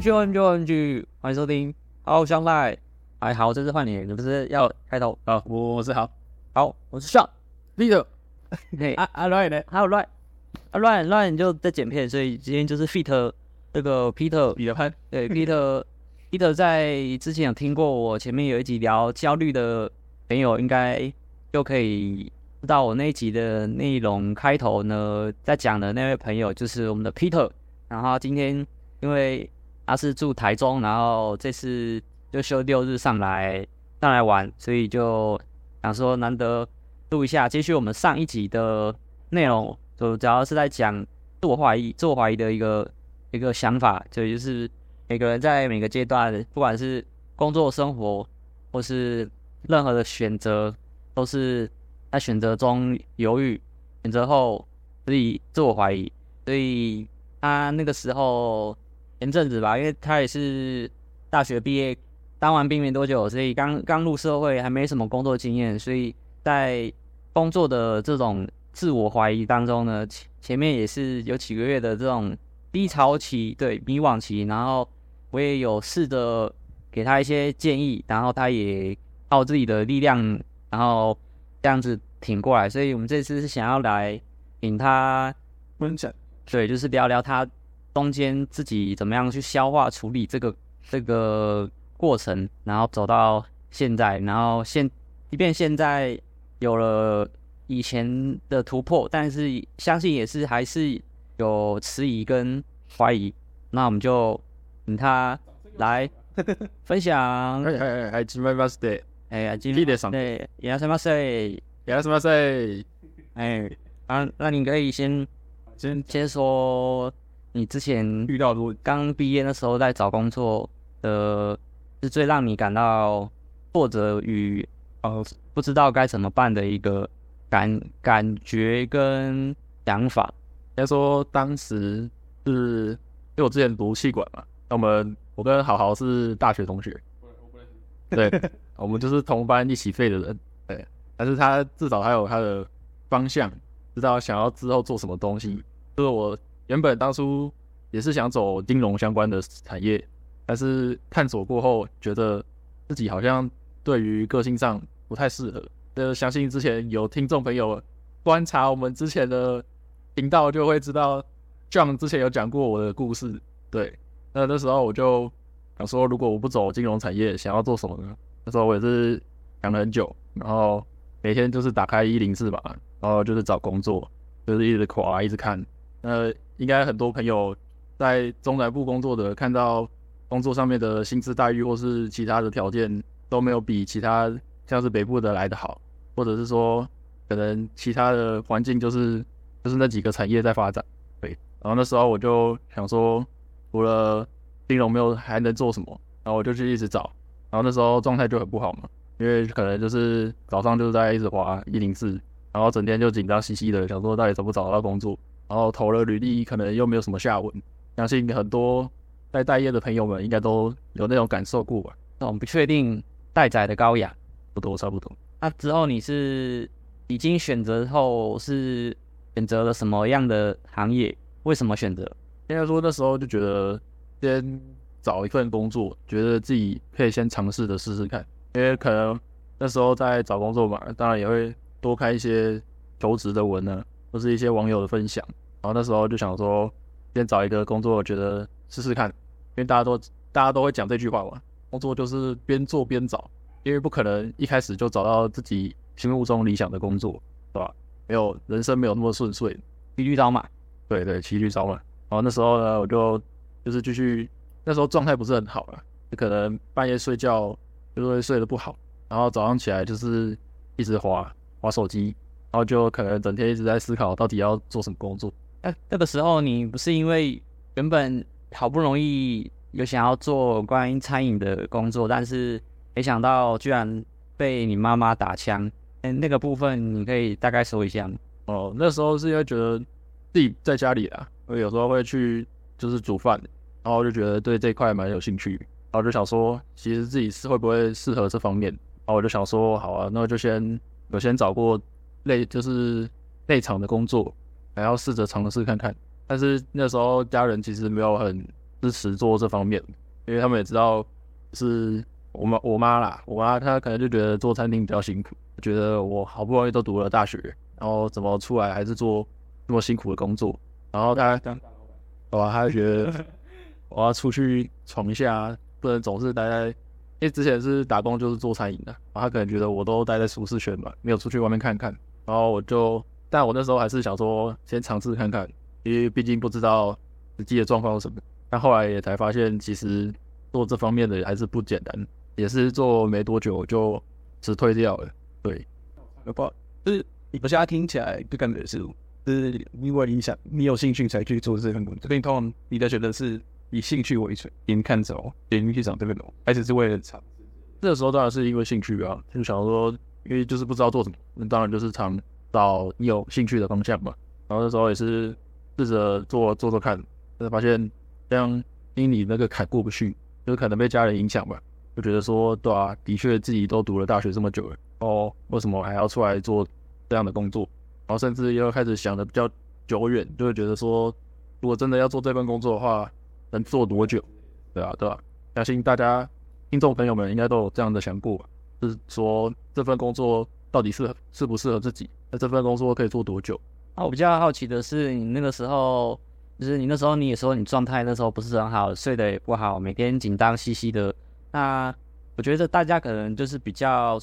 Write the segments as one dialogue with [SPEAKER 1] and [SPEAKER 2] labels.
[SPEAKER 1] j o y n j o y n j o y 歡迎收聽。好、oh，香奈，還好，這次換你，你不是要開頭啊？我是好，好，我是上 Peter。對啊啊，亂呢？還有亂啊亂亂就在剪片，所以今天就是 Peter 這個 Peter 宇軒 對 Peter Peter 在之前有聽過我前面有一集聊焦慮的朋友，應該就可以知道我那一集的內容。開頭呢，在講的那位朋友就是我們的 Peter。然後今天因為。他是住台中，然後這次就休六日上來上來玩，所以就想說難得錄一下，繼續我們上一集的內容，就主要是在講自我懷疑，自我懷疑的一個一個想法，就就是每個人在每個階段，不管是工作、生活，或是任何的選擇，都是在選擇中猶豫，選擇後所以自我懷疑，所以他那個時候。前陣子吧，因為他也是大學畢業，當完兵沒多久，所以剛剛入社會，還沒什麼工作經驗，所以在工作的這種自我懷疑當中呢，前前面也是有幾個月的這種低潮期，對，迷惘期。然後我也有試着給他一些建議，然後他也靠自己的力量，然後這樣子挺過來。所以我們這次是想要來請他分享，對，就是聊聊他。中間自己怎麼樣去消化處理這個這個過程，然後走到現在，然後現，即便現在有了以前的突破，但是相信也是還是有遲疑跟懷疑。那我們就請他來分享。哎哎 哎，阿基麥巴是得，哎阿基利得上。什巴塞，亞啊，那你可以先先先說。你之前遇到剛畢業那時候在找工作的，是最讓你感到挫折與呃不知道該怎麼辦的一個感感覺跟想法。應該說
[SPEAKER 2] 當時，就是因為我之前讀企管嘛，那我們我跟豪豪是大學同學，對， 我們就是同班一起廢的人，對。但是他至少還有他的方向，知道想要之後做什麼東西，就是我。原本當初也是想走金融相關的產業，但是探索過後，覺得自己好像對於個性上不太適合的。就相信之前有聽眾朋友觀察我們之前的頻道，就會知道 John 之前有講過我的故事，對。那那時候我就想說，如果我不走金融產業，想要做什麼呢？那時候我也是想了很久，然後每天就是打開一零四吧，然後就是找工作，就是一直誇，一直看，那。應該很多朋友在中南部工作的，看到工作上面的薪資待遇或是其他的條件都沒有比其他像是北部的來得好，或者是說可能其他的環境就是就是那幾個產業在發展，對。然後那時候我就想說，除了金融沒有還能做什麼，然後我就去一直找，然後那時候狀態就很不好嘛，因為可能就是早上就是在一直滑一零四，然後整天就緊張兮兮的，想說到底怎麼找不找得到工作。然後投了履歷，可能又沒有什麼下文。相信很多在待業的朋友們應該都有那種感受過吧？那我們不確
[SPEAKER 1] 定待宰的羔羊，不多，差不多。那、啊、之後你是已經選擇後，是選擇了什麼樣的行業？為什麼選擇？應該說那時候就覺得先找一份工
[SPEAKER 2] 作，覺得自己可以先嘗試着試試看。因為可能那時候在找工作嘛，當然也會多看一些求職的文呢、啊，或、就、者、是、一些網友的分享。然後那時候就想說，先找一個工作，我覺得試試看，因為大家都大家都會講這句話嘛，工作就是邊做邊找，因為不可能一開始就找到自己心目中理想的工作，對吧？沒有，人生沒有那麼順遂，騎驢找馬，對對，騎驢找馬。然後那時候呢，我就就是繼續，那時候狀態不是很好了啊，就可能半夜睡覺就會睡得不好，然後早上起來就是一直滑滑手機，然後就可能整天一直在思考到底要做什麼工作。
[SPEAKER 1] 那那個時候，你不是因為原本好不容易有想要做關於餐飲的工作，但是沒想到居然被你媽媽打槍。那個部分你可以大概說一下哦？嗯，那時候是因為覺得自己在家裡
[SPEAKER 2] 啊，我有時候會去就是煮飯，然後就覺得對這塊蠻有興趣，然後就想說，其實自己是會不會適合這方面？然後我就想說，好啊，那我就先有先找過內就是內場的工作。還要試着嘗試看看，但是那時候家人其實沒有很支持做這方面，因為他們也知道，是我媽我媽啦，我媽她可能就覺得做餐廳比較辛苦，覺得我好不容易都讀了大學，然後怎麼出來還是做那麼辛苦的工作，然後她我、嗯哦、她覺得我要出去闖一下， 不能總是待在，因為之前是打工就是做餐飲的、啊，然後她可能覺得我都待在舒適圈嘛，沒有出去外面看看，然後我就。但我那時候還是想說，先嘗試看看，因為畢竟不知道實際的狀況是什麼。但後來也才發現，其實做這方面的還是不簡單。也是做沒多久就辭退掉了。對，不過就是，我現在聽起來就感覺是，就是因為你想，你有興趣才去做這份工作。所以通常你的選擇是以興趣為主，你看走，邊去想這個東西還是是為了嘗試？這個時候當然是因為興趣啊，就想說，因為就是不知道做什麼，那當然就是嘗。找你有興趣的方向吧，然後那時候也是試着做做做看，但是發現這樣心裡那個坎過不去，就可能被家人影響吧。就覺得說，對啊，的確自己都讀了大學這麼久了，哦，為什麼還要出來做這樣的工作？然後甚至又開始想得比較久遠，就會覺得說，如果真的要做這份工作的話，能做多久？對啊，對啊，相信大家聽眾朋友們應該都有這樣的想過，就是說這份工作，到底適合適不適合自己？那這份工作可以做多久？
[SPEAKER 1] 那、啊、我比較好奇的是，你那個時候，就是你那時候，你也說你狀態那時候不是很好，睡得也不好，每天緊張兮兮的。那我覺得大家可能就是比較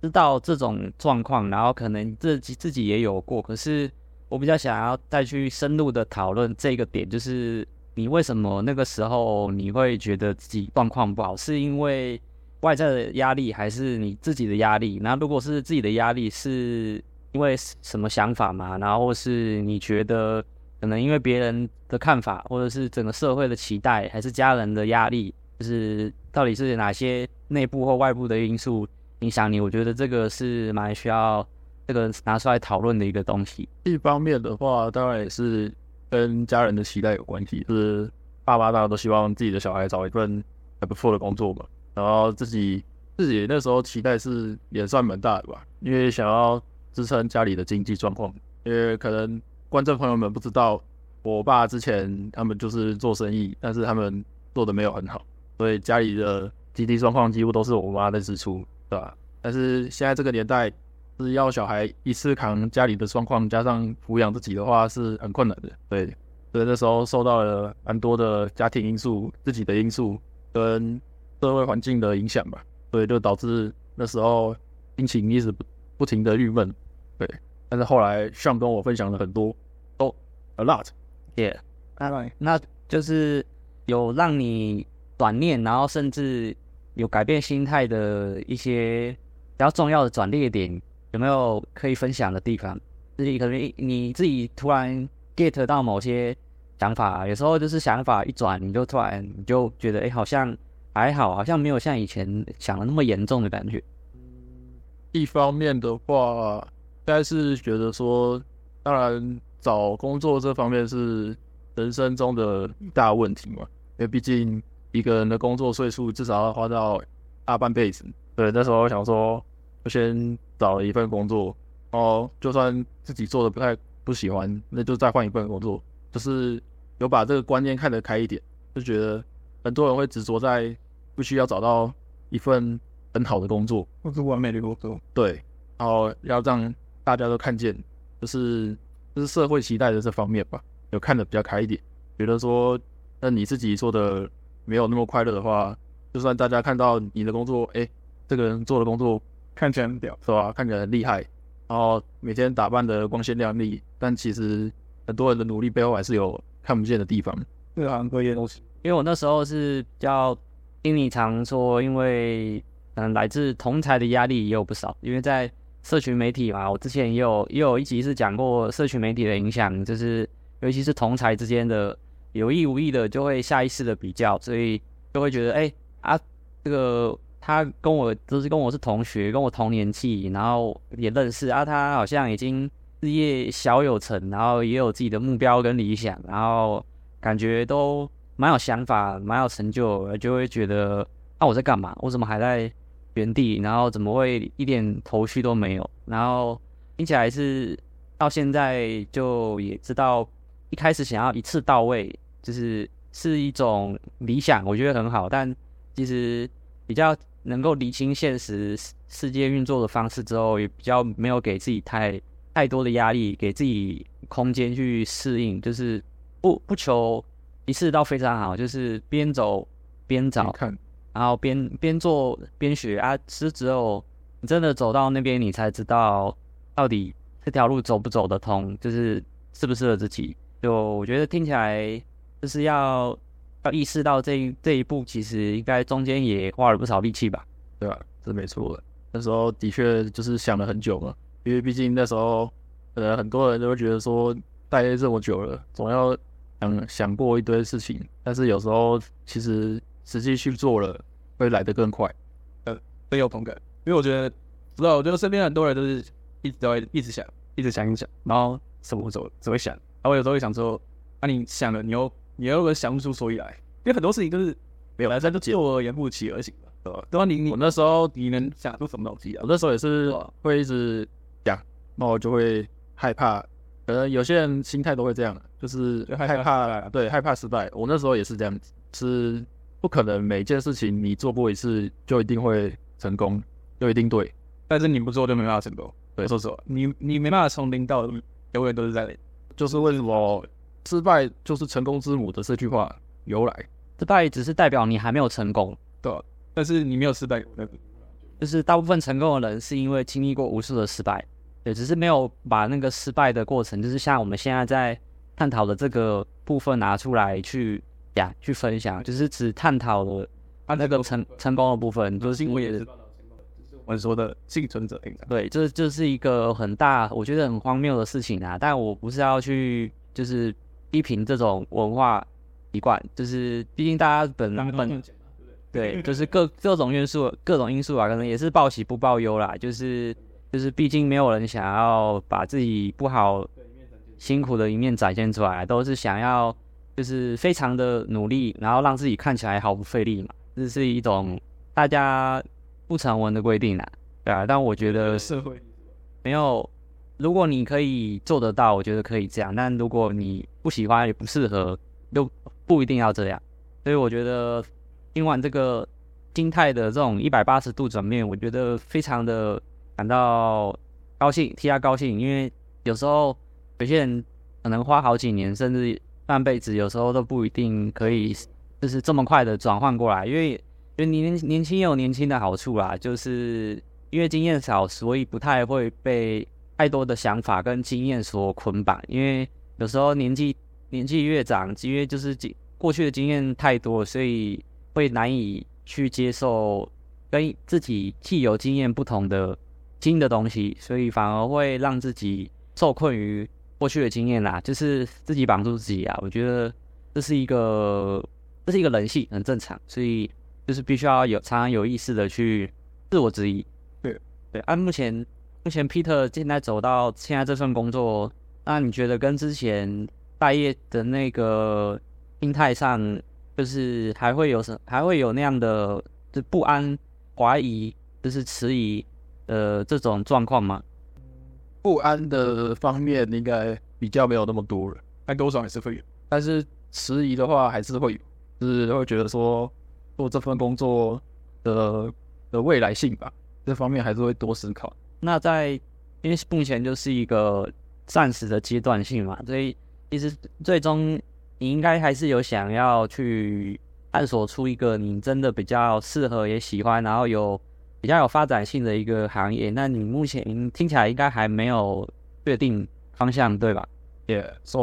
[SPEAKER 1] 知道這種狀況，然後可能自己自己也有過。可是我比較想要再去深入的討論這個點，就是你為什麼那個時候你會覺得自己狀況不好，是因為？外在的壓力還是你自己的壓力？那如果是自己的壓力，是因為什麼想法嘛？然後或是你覺得可能因為別人的看法，或者是整個社會的期待，還是家人的壓力？就是到底是哪些內部或外部的因素影響你，你？我覺得這個是蠻需要這個拿出來討論的一個東西。
[SPEAKER 2] 一方面的話，當然也是跟家人的期待有關係，是爸爸大家都希望自己的小孩找一份還不錯的工作嘛。然後自己自己那時候期待是也算蠻大的吧，因為想要支撐家裡的經濟狀況。因為可能觀眾朋友們不知道，我爸之前他們就是做生意，但是他們做的沒有很好，所以家裡的經濟狀況幾乎都是我媽在支出，對吧？但是現在這個年代是要小孩一次扛家裡的狀況，加上撫養自己的話是很困難的。對，所以那時候受到了蠻多的家庭因素、自己的因素跟。社會環境的影響吧，所以就導致那時候心情一直不，不停
[SPEAKER 1] 的鬱悶，對。但是後來像跟我分享了很多，都、oh, a lot，yeah，right，那就是有讓你轉念，然後甚至有改變心態的一些比較重要的轉捩點，有沒有可以分享的地方？自己可能你自己突然 get 到某些想法，有時候就是想法一轉，你就突然你就覺得，哎、欸，好像。還好，好像沒有像以前想的那麼嚴重的感覺。嗯，一方面的話，
[SPEAKER 2] 但是覺得說，當然找工作這方面是人生中的大問題嘛，因為畢竟一個人的工作歲數至少要花到大半輩子。對，那時候我想說，就先找了一份工作，然後就算自己做的不太不喜歡，那就再換一份工作。就是有把這個觀念看得開一點，就覺得很多人會執着在。不需要找到一份很好的工作，或者完美的工作。對，然後要讓大家都看見，就是就是社會期待的這方面吧，有看得比較開一點。覺得說，那你自己做的沒有那麼快樂的話，就算大家看到你的工作，哎、欸，這個人做的工作看起來很屌，是吧、啊？看起來很厲害，然後每天打扮得光鮮亮麗，但其實很多人的努力背後還是有看不見的地方，
[SPEAKER 1] 各行各業都是。因為我那時候是比較。心裡常說，因為嗯，來自同儕的壓力也有不少。因為在社群媒體嘛，我之前也有也有一集是講過社群媒體的影響，就是尤其是同儕之間的有意無意的，就會下意識的比較，所以就會覺得，哎啊，這個他跟我就是跟我是同學，跟我同年紀，然後也認識啊，他好像已經事業小有成，然後也有自己的目標跟理想，然後感覺都蠻有想法，蠻有成就，就會覺得，那、啊、我在幹嘛？我怎麼還在原地？然後怎麼會一點頭緒都沒有？然後聽起來是到現在就也知道，一開始想要一次到位，就是是一種理想，我覺得很好。但其實比較能夠理清現實世界運作的方式之後，也比較沒有給自己太太多的壓力，給自己空間去適應，就是不不求。一次倒，非常好，就是邊走邊找，看然後邊邊做邊學啊。其實只有你真的走到那邊，你才知道到底這條路走不走得通，就是適不適合自己。就我覺得聽起來就是要要意識到這一這一步，其實應該中間也花了不少力氣吧？對吧、啊？是沒錯的。那時候的確就是想了很久嘛，
[SPEAKER 2] 因為畢竟那時候呃可能很多人都會覺得說待這麼久了，總要。想想過一堆事情，但是有時候其實實際去做了，會來得更快。呃，很有同感，因為我覺得，不知道，我覺得身邊很多人都是一直都在一直想，一直想一直想，然後什麼怎麼怎麼想。然後我有時候會想說，啊你想了，你又你又跟想不出所以來，因為很多事情就是沒有人生就坐而言不起而行呃，對吧、嗯，你你那時候你能想出什麼東西啊？我那時候也是會一直想，那我就會害怕。可能有些人心態都會這樣，就是就害怕，對，害怕失敗。我那時候也是這樣子，是不可能每件事情你做過一次就一定會成功，就一定對。但是你不做就沒辦法成功。對，說實話，你你沒辦法從零到永遠都是在零，嗯、就是為什麼失敗
[SPEAKER 1] 就是成功之母的這句話由來，失敗只是代表你還沒有成功，對，但是你沒有失敗，那個，就是大部分成功的人是因為經歷過無數的失敗。對，只是沒有把那個失敗的過程，就是像我們現在在探討的這個部分拿、啊、出來去呀去分享，就是只探討了那個成、啊、成功的部分。嗯、就是我也是我們說的倖存者偏差、啊、對，這這、就是一個很大，我覺得很荒謬的事情啊！但我不是要去就是批評這種文化習慣，就是畢竟大家本本對，對，就是各各種因素、各種因素啊，可能也是報喜不報憂啦，就是。就是畢竟沒有人想要把自己不好、辛苦的一面展現出來，都是想要就是非常的努力，然後讓自己看起來毫不費力嘛，這是一種大家不成文的規定啦、啊。對啊。但我覺得社會沒有，如果你可以做得到，我覺得可以這樣。但如果你不喜歡也不適合，就不一定要這樣。所以我覺得聽完這個心態的這種一百八十度轉變，我覺得非常的。感到高興，替他高興，因為有時候有些人可能花好幾年，甚至半輩子，有時候都不一定可以，就是這麼快的轉換過來。因為，因為年年輕有年輕的好處啦，就是因為經驗少，所以不太會被太多的想法跟經驗所捆綁。因為有時候年紀年紀越長，因為就是經過去的經驗太多，所以會難以去接受跟自己既有經驗不同的新的東西，所以反而會讓自己受困於過去的經驗啦、啊，就是自己綁住自己啊。我覺得這是一個，這是一個人性，很正常。所以就是必須要有常常有意識的去自我質疑。對對。按目前目前，Peter 現在走到現在這份工作，那你覺得跟之前待業的那個心態上，就是還會有什還會有那樣的，就是不安、懷疑，就是遲疑。呃，這種狀況嗎？不安的方面應該比較沒有那麼多了，但多少還是會有。
[SPEAKER 2] 但是遲疑的話還是會有，就是會覺得說做這份工作
[SPEAKER 1] 的的未來性吧，這方面還是會多思考。那在因為目前就是一個暫時的階段性嘛，所以其實最終你應該還是有想要去探索出一個你真的比較適合也喜歡，然後有。比較有發展性的一個行業，那你目前聽起來應該還沒有確定方向，對吧？對，yeah, so、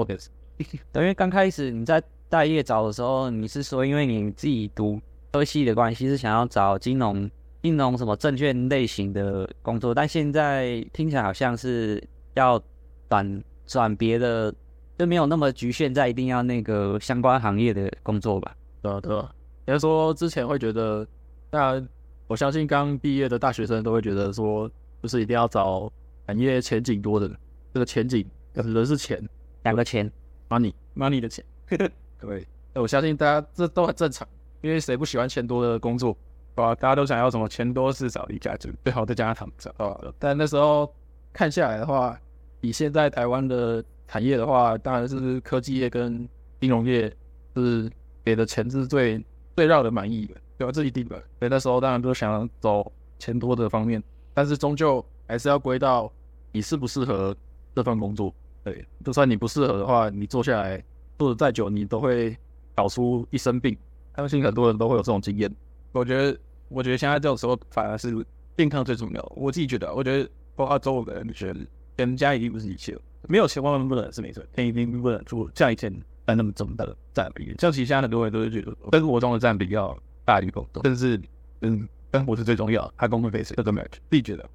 [SPEAKER 1] 因為剛開始你在待業找的時候，你是說因為你自己讀科系的關係，是想要找金融、金融什麼證券類型的工作，但現在聽起來好像是要轉轉別的，就沒有那麼局限在一定要那個相關行業的工作吧？對啊，對
[SPEAKER 2] 啊，也就是說之前會覺得大家，我相信剛畢業的大學生都會覺得說，就是一定要找產業前景多的，這個前景可能是錢，兩個錢，money money 的錢。 對，我相信大家這都很正常，因為誰不喜歡錢多的工作？啊，大家都想要什麼錢多事少、離家近，最好在家躺著啊，但那時候看下來的話，比現在台灣的產業的話，當然是科技業跟金融業是給的錢是最最讓人滿意的。喜歡自己定的，所以那時候當然都想要走錢多的方面，但是終究還是要歸到你適不適合這份工作。對，就算你不適合的話，你坐下來坐的再久，你都會搞出一身病。相信很多人都會有這種經驗。我覺得，我覺得現在這種時候，反而是健康最重要。我自己覺得，我覺得包括周圍的人覺得，家已經不是一切了，沒有錢萬萬不能是沒錯，但一定不能做像以前那麼大的佔比。像其實現在很多人都是覺得，生活中的佔比要。大力工作，甚至嗯，但是我是最重要的。他工作非常，這個沒覺得，自己覺得。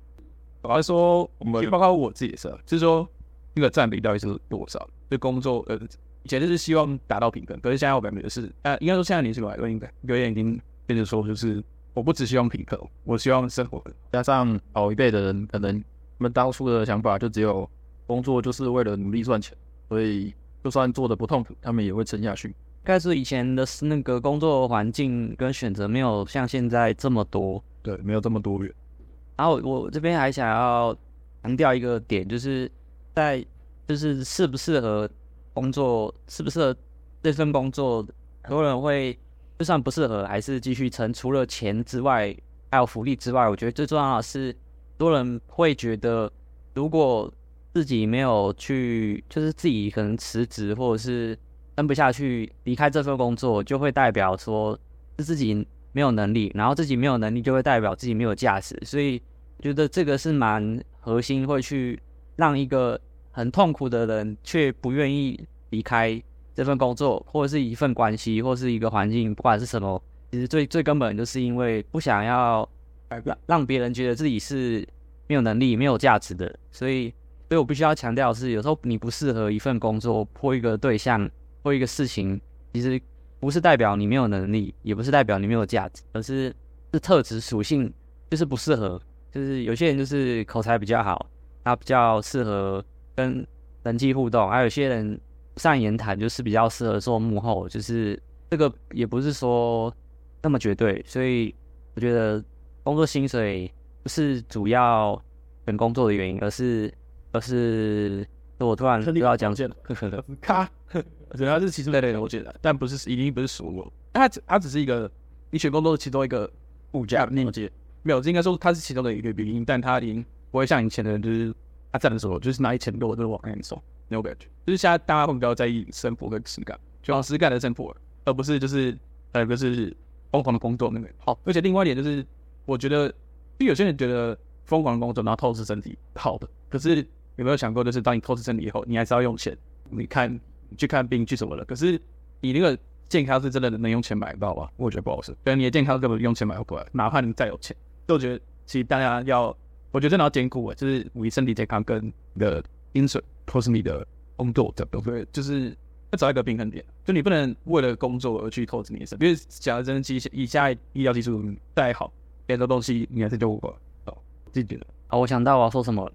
[SPEAKER 2] 我是說，我們包括我自己的事，就是說，那個占比到底是多少？對工作，呃，以前就是希望達到平衡，可是現在我感覺、就是，呃、啊，應該說現在年紀來說應該，表演已經變成說就是，我不只希望平衡，我希望生活。加上老一輩的人，可能他們當初的
[SPEAKER 1] 想法就只有工作就是為了努力賺錢，所以就算做得不痛苦，他們也會撐下去。大概說以前的那個工作環境跟選擇沒有像現在這麼多，對，沒有這麼多元。然後我這邊還想要強調一個點，就是在就是適不適合工作，適不適合這份工作，很多人會就算不適合，還是繼續撐。除了錢之外，還有福利之外，我覺得最重要的是，多人會覺得如果自己沒有去，就是自己可能辭職或者是。撐不下去，離開這份工作就會代表說是自己沒有能力，然後自己沒有能力就會代表自己沒有價值，所以覺得這個是蠻核心，會去讓一個很痛苦的人卻不願意離開這份工作，或者是一份關係，或者是一個環境，不管是什麼，其實最最根本就是因為不想要讓讓別人覺得自己是沒有能力、沒有價值的，所以，所以我必須要強調的是，有時候你不適合一份工作，或一個對象。做一個事情，其實不是代表你沒有能力，也不是代表你沒有價值，而是是特質屬性就是不適合。就是有些人就是口才比較好，他、啊、比較適合跟人際互動，還、啊、有些人不善言談，就是比較適合做幕後。就是這個也不是說那麼絕對，所以我覺得工作薪水不是主要選工作的原因，而是而是我突然又要講，了。 可能他是其
[SPEAKER 2] 實累累的，我覺得，但不是一定不是說我。他只，他只是一個，你選工作是其中一個物價鏈接，沒有，應該說他是其中的一個原因，但他已經不會像以前的人，就是他在、啊、的時候就是拿一千多就是、往前走那種感覺。No、就是現在大家會比較在意生活跟質感，就質感的生活，而不是就是呃，不是瘋狂的工作那種。好，而且另外一點就是，我覺得就有些人覺得瘋狂的工作然後透支身體好的，可是有沒有想過，就是當你透支身體以後，你還是要用錢，你看。去看病去什麼的，可是你那個健康是真的能用錢買到嗎？我覺得不好說。對，你的健康根本用錢買不回來，哪怕你再有錢，都覺得其實大家要，我覺得真的要兼顧，就是注意身體健康跟你的薪水、投資你的工作，對不對？就是要找一個平衡點，就你不能為了工作而去透支你的身，因為假如真的，就以現在醫療技術再
[SPEAKER 1] 好，很多東西你還是救不回來，懂自己的。啊、哦，我想到我要說什麼，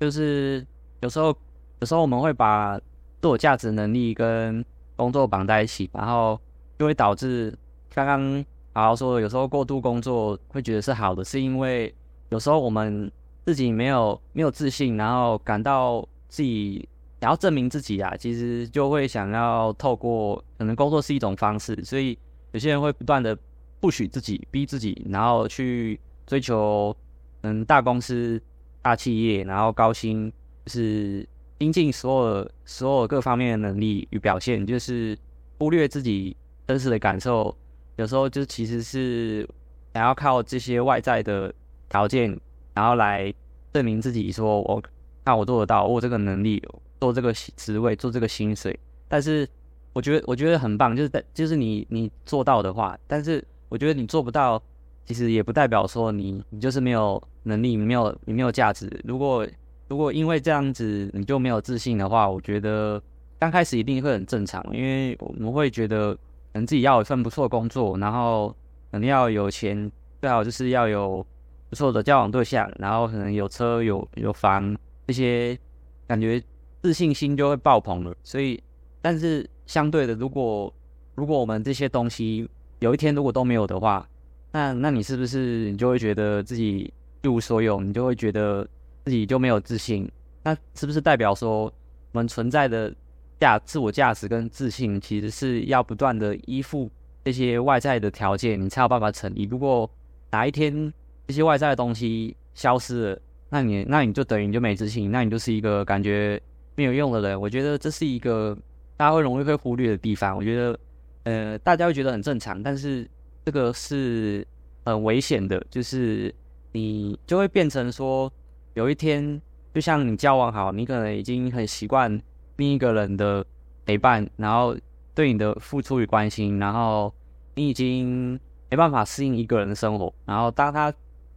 [SPEAKER 1] 就是有時候，有時候我們會把。自我價值能力跟工作綁在一起，然後就會導致剛剛好好說的，有時候過度工作會覺得是好的，是因為有時候我們自己沒有沒有自信，然後感到自己想要證明自己啊，其實就會想要透過可能工作是一種方式，所以有些人會不斷的不許自己逼自己，然後去追求嗯大公司、大企業，然後高薪，就是。精進所有、所有各方面的能力與表現，就是忽略自己真實的感受。有時候，就其實是想要靠這些外在的條件，然後來證明自己說，說我看我做得到，我有這個能力做這個職位，做這個薪水。但是，我覺得我覺得很棒，就是就是你你做到的話，但是我覺得你做不到，其實也不代表說你你就是沒有能力，你沒有你沒有價值。如果如果因為這樣子，你就沒有自信的話，我覺得剛開始一定會很正常，因為我們會覺得可能自己要有一份不錯的工作，然後可能要有錢，最好就是要有不錯的交往對象，然後可能有車有有房，這些感覺自信心就會爆棚了。所以，但是相對的，如果如果我們這些東西有一天如果都沒有的話，那那你是不是你就會覺得自己一無所有？你就會覺得。自己就沒有自信，那是不是代表說我們存在的價、自我價值跟自信，其實是要不斷的依附這些外在的條件，你才有辦法成立？如果哪一天這些外在的東西消失了，那你那你就等於你就沒自信，那你就是一個感覺沒有用的人。我覺得這是一個大家會容易會忽略的地方。我覺得，呃，大家會覺得很正常，但是這個是很危險的，就是你就會變成說。有一天，就像你交往好，你可能已經很習慣另一個人的陪伴，然後對你的付出與關心，然後你已經沒辦法適應一個人的生活。然後當他突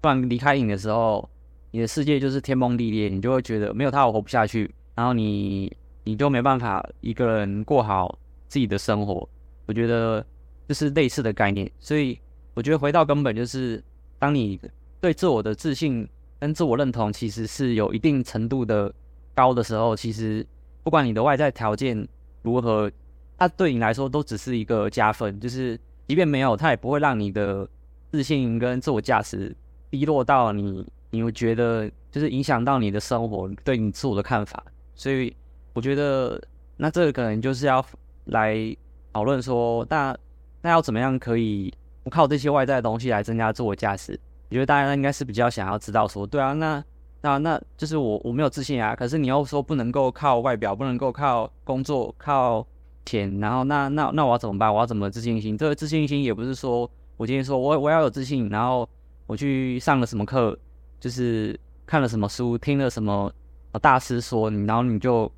[SPEAKER 1] 然離開你的時候，你的世界就是天崩地裂，你就會覺得沒有他我活不下去，然後你你就沒辦法一個人過好自己的生活。我覺得就是類似的概念，所以我覺得回到根本就是，當你對自我的自信。跟自我認同其實是有一定程度的高的時候，其實不管你的外在條件如何，它對你來說都只是一個加分。就是即便沒有，它也不會讓你的自信跟自我價值低落到你，你會覺得就是影響到你的生活，對你自我的看法。所以我覺得，那這個可能就是要來討論說，那那要怎麼樣可以不靠這些外在的東西來增加自我價值。我覺得大家應該是比較想要知道說，說對啊，那那那就是我我沒有自信啊。可是你又說不能夠靠外表，不能夠靠工作，靠錢，然後那那那我要怎麼辦？我要怎麼自信心？這個自信心也不是說我今天說我我要有自信，然後我去上了什麼課，就是看了什麼書，聽了什麼大師說你，然後你就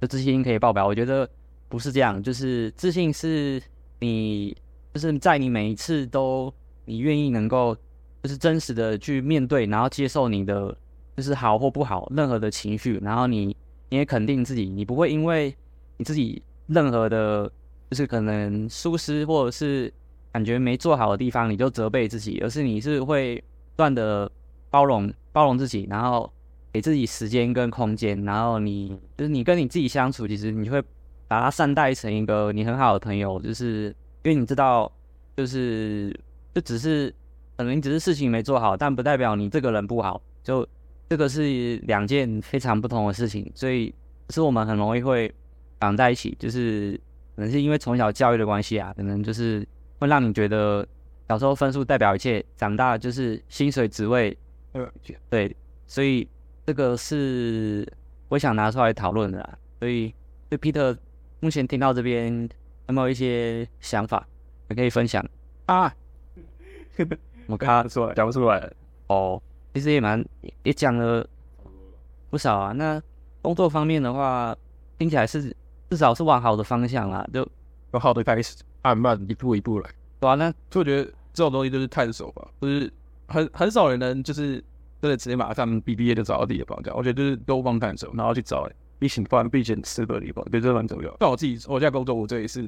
[SPEAKER 1] 就自信心可以爆表。我覺得不是這樣，就是自信是你就是在你每一次都你願意能夠。就是真實的去面對，然後接受你的就是好或不好任何的情緒，然後你你也肯定自己，你不會因為你自己任何的，就是可能疏失或者是感覺沒做好的地方，你就責備自己，而是你是會斷的包容包容自己，然後給自己時間跟空間，然後你就是你跟你自己相處，其實你會把它善待成一個你很好的朋友，就是因為你知道，就是就只是。可能只是事情沒做好，但不代表你這個人不好。就這個是兩件非常不同的事情，所以是我們很容易會綁在一起。就是可能是因為從小教育的關係啊，可能就是會讓你覺得小時候分數代表一切，長大就是薪水、職位。對。所以這個是我想拿出來討論的啦。所以對，Peter，目前聽到這邊有沒有一些想法，也可以分享啊？ 我剛剛出來講不出來，不出來哦，其實也蠻也講了不少啊。那工作方面的話，聽起來是至少是往好的方向啊，就有好的開始，慢、啊、慢一步一步來。完了、啊呢，我覺得這種東西就是探索吧，就
[SPEAKER 2] 是很很少人能就是真的直接馬上 BBA 就找到自己的方向。我覺得就是多方探索，然後去找，畢竟不然畢竟是個地方，對，這蠻重要。像我自己，我現在工作，我這也是，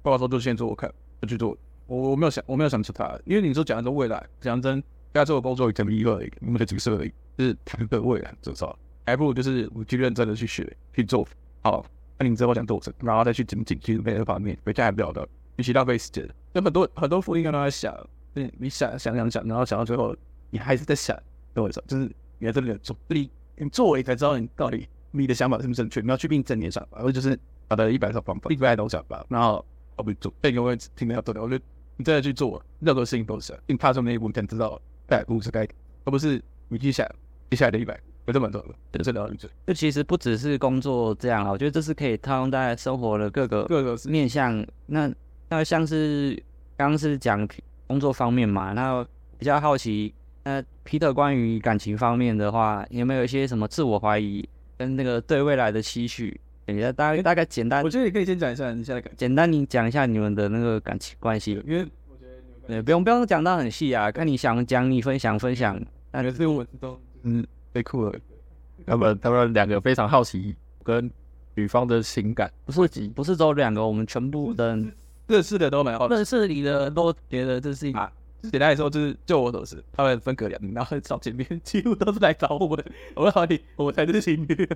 [SPEAKER 2] 爸爸說就先做，我看就去做。我我沒有想，我沒有想出它，因為你說講的是未來，講真，該做的工作已經沒意義了。我們只是就是談個未來，至少還不如就是我去認真的去學去做，好，那、啊、你之後想做什麼然後再去怎麼精進去別的方面，反正還不曉得，與其浪費時間，有很多很多副業都在想，你你想想想想，然後想到最後，你還是在想，都會意就是你還是沒有做，你你做，你才知道你到底你的想法是不是正確，你要去驗證你的想法，或者就是把到一百套方法，一百種想法、法，然後我不做，被各位聽到這裡，我就。真的去做，任何事情都是，不是、啊。因為他出那一步，才知道，哎，五十該，而不是你去想你下來的一百。我這麼多的，這
[SPEAKER 1] 聊一聊。其實不只是工作這樣啊，我覺得這是可以套用在生活的各個各個面向。那那像是剛剛是講工作方面嘛，那比較好奇，那 Peter 關於感情方面的話，有沒有一些什麼自我懷疑，跟那個對未來的期許？大家大概簡單，我覺得你可以先講一下你現在簡單，你講一下你們的那個感情關係，因為我覺得不用不用講到很細啊，看你想講你分享分享，覺別我們都嗯最酷了。他們他們兩個非常好奇跟女方的情感，不是只不是只有兩個，我們
[SPEAKER 2] 全部的認識的都蠻好奇，認識你的都覺得這是一個，簡單來說就是就我所知他們分隔兩然後找見面幾乎都是來找我們，我好，你我才是情侶，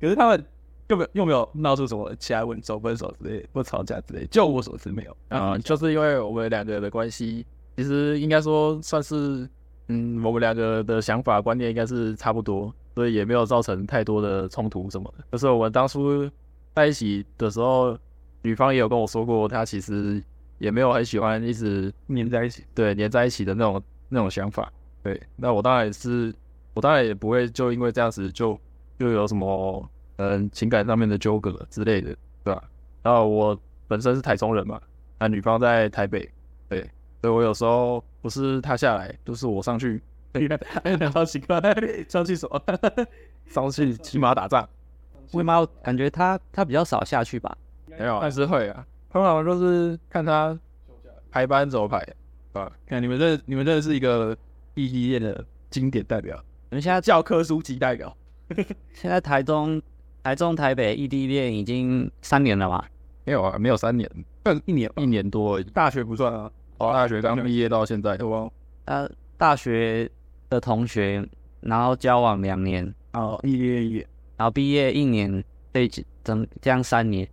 [SPEAKER 2] 可是他們。又沒有，又沒有鬧出什麼其他分分手之類，不吵架之類，就我所知沒有啊、嗯。就是因為我們兩個人的關係，其實應該說算是，嗯，我們兩個的想法觀念應該是差不多，所以也沒有造成太多的衝突什麼的。就是我們當初在一起的時候，女方也有跟我說過，她其實也沒有很喜歡一直黏在一起，對，黏在一起的那種那種想法。對，那我當然也是，我當然也不會就因為這樣子就就有什麼。嗯，情感上面的糾葛之類的，對吧、啊？然、啊、後我本身是台中人嘛，那、啊、女方在台北，對，所以我有時候不是她下來，都、就是我上去。哎呀，超奇怪，上去什麼？上去騎馬打仗？為嘛？感覺她她比較少下去吧？沒有，但是會啊。好像都是看她排班怎麼排，對吧、啊？看你們認，
[SPEAKER 1] 你們認識一個異地戀的經典代表？你們現在教科書級代表。 現在台中，台中台北異地戀已經三年了吧？沒
[SPEAKER 2] 有啊，沒有三年，但一年一年多而已。大學不算啊，我大學剛畢業到現在。哦哇，對
[SPEAKER 1] 吧呃，大學的同學，然後交往兩年，哦，一年，一年然後畢業一年，再整這樣三年，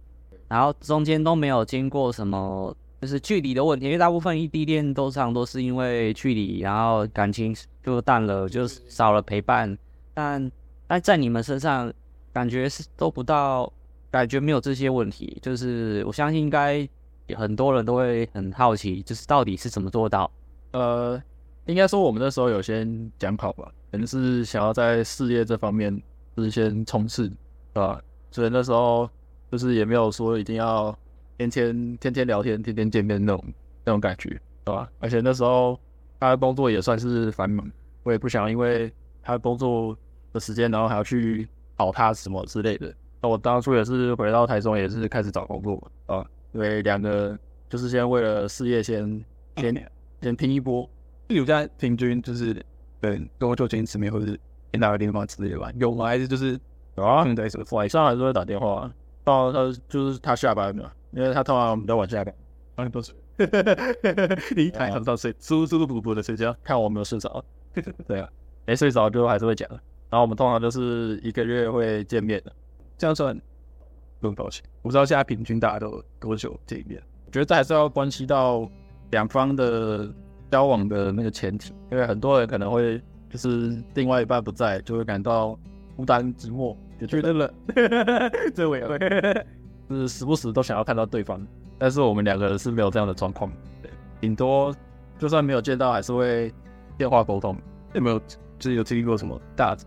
[SPEAKER 1] 然後中間都沒有經過什麼，就是距離的問題，因為大部分異地戀通常都是因為距離，然後感情就淡了，就少了陪伴。但但在你們身上。感覺是都不到，感覺沒有這些問題。就是我相信應該很多人都會很好奇，就是到底是怎麼做到。呃，應該說我們那時候有先講好吧，可能是想要在事業這方面
[SPEAKER 2] 是先衝刺，對吧、啊？所以那時候就是也沒有說一定要天天天天聊天、天天見面那種那種感覺，對吧、啊？而且那時候他的工作也算是繁忙，我也不想因為他的工作的時間，然後還要去。找他什麼之類的？那我當初也是回到台中，也是開始找工作嘛啊！因為兩個就是先為了事業先，先、嗯、先先拼一波。有在平均就是等跟我做兼職沒，或者是打電話、電話之類的嗎？有嗎？還是就是啊，在什麼晚上還是會打電話到、啊、他，就是他下班了有？因為他通常比較晚下班。二十多嘿你才二十多睡，舒舒服服的睡覺，看我沒有睡着， 對啊，沒睡着就還是會講。然後我們通常就是一個月會見面的，這樣算不用抱歉。我不知道現在平均大家都多久見一面？我覺得這還是要關係到兩方的交往的那個前提，因為很多人可能會就是另外一半不在，就會感到孤單寂寞，也覺得了。這 位也會就是時不時都想要看到對方。但是我們兩個人是沒有這樣的狀況，頂多就算沒有見到，還是
[SPEAKER 1] 會電話溝通。有沒有就是有經歷過什麼大致？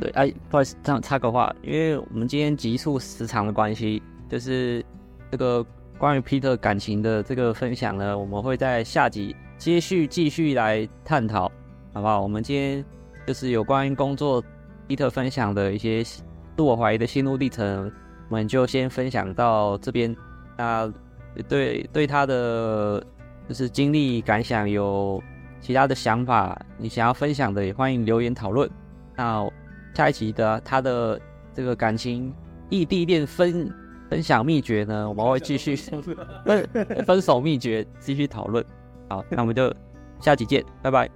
[SPEAKER 1] 對，哎，不好意思，這樣插個話，因為我們今天集數時長的關係，就是這個關於 Peter 感情的這個分享呢，我們會在下集繼續繼續來探討，好不好？我們今天就是有關於工作 Peter 分享的一些自我懷疑的心路歷程，我們就先分享到這邊。那對對他的就是經歷感想有其他的想法，你想要分享的也歡迎留言討論。那。下一期的啊，他的這個感情異地戀分分享秘訣呢，我們會繼續分分手秘訣繼續討論。好，那我們就下期見，拜拜。